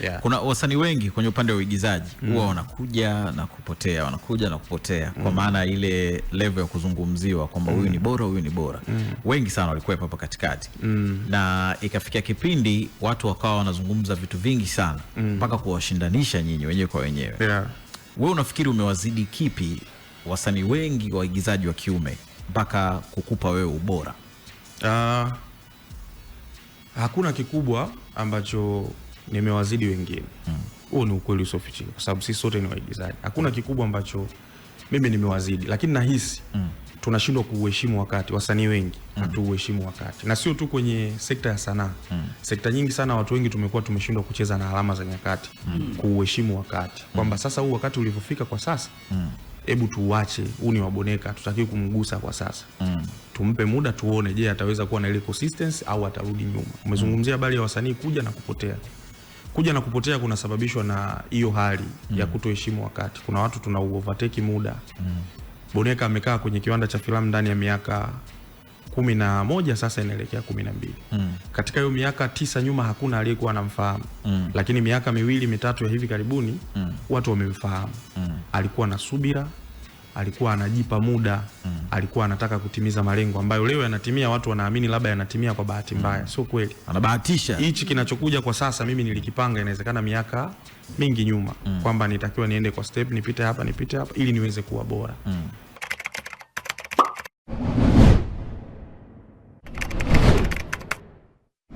Yeah. Kuna wasanii wengi kwenye upande wa uigizaji mm. huwa mm. wanakuja na kupotea, wanakuja na kupotea mm. kwa maana ile level ya kuzungumziwa kwamba huyu mm. ni bora, huyu ni bora mm. wengi sana walikuwepo hapa katikati mm. na ikafikia kipindi watu wakawa wanazungumza vitu vingi sana mm. mpaka mm. kuwashindanisha nyinyi wenyewe kwa wenyewe. Yeah. Wewe unafikiri umewazidi kipi wasanii wengi wa waigizaji wa kiume mpaka kukupa wewe ubora? Uh, hakuna kikubwa ambacho nimewazidi wengine huo mm. ni ukweli usiofichika, kwa sababu sisi sote ni waigizaji. Hakuna kikubwa ambacho mimi nimewazidi, lakini nahisi mm. tunashindwa kuuheshimu wakati. Wasanii wengi hatuuheshimu mm. wakati, na sio tu kwenye sekta ya sanaa mm. sekta nyingi sana, watu wengi tumekuwa tumeshindwa kucheza na alama za nyakati mm. kuuheshimu wakati, kwamba sasa huu wakati ulivyofika kwa sasa mm hebu tuuache, huu ni waboneka, hatutakiwi kumgusa kwa sasa mm. tumpe muda tuone, je, ataweza kuwa na ile consistency au atarudi nyuma. Umezungumzia habari ya wasanii kuja na kupotea kuja na kupotea kunasababishwa na hiyo hali mm. ya kutoheshimu wakati. Kuna watu tuna overtake muda mm. Boneka amekaa kwenye kiwanda cha filamu ndani ya miaka kumi na moja sasa inaelekea kumi na mbili mm. Katika hiyo miaka tisa nyuma hakuna aliyekuwa anamfahamu mm. Lakini miaka miwili mitatu ya hivi karibuni mm. watu wamemfahamu mm. Alikuwa na subira, alikuwa anajipa muda mm. alikuwa anataka kutimiza malengo ambayo leo yanatimia. Watu wanaamini labda yanatimia kwa bahati mbaya mm. Sio kweli, anabahatisha. Hichi kinachokuja kwa sasa mimi nilikipanga, inawezekana miaka mingi nyuma mm. kwamba nitakiwa niende kwa step, nipite hapa, nipite hapa ili niweze kuwa bora mm.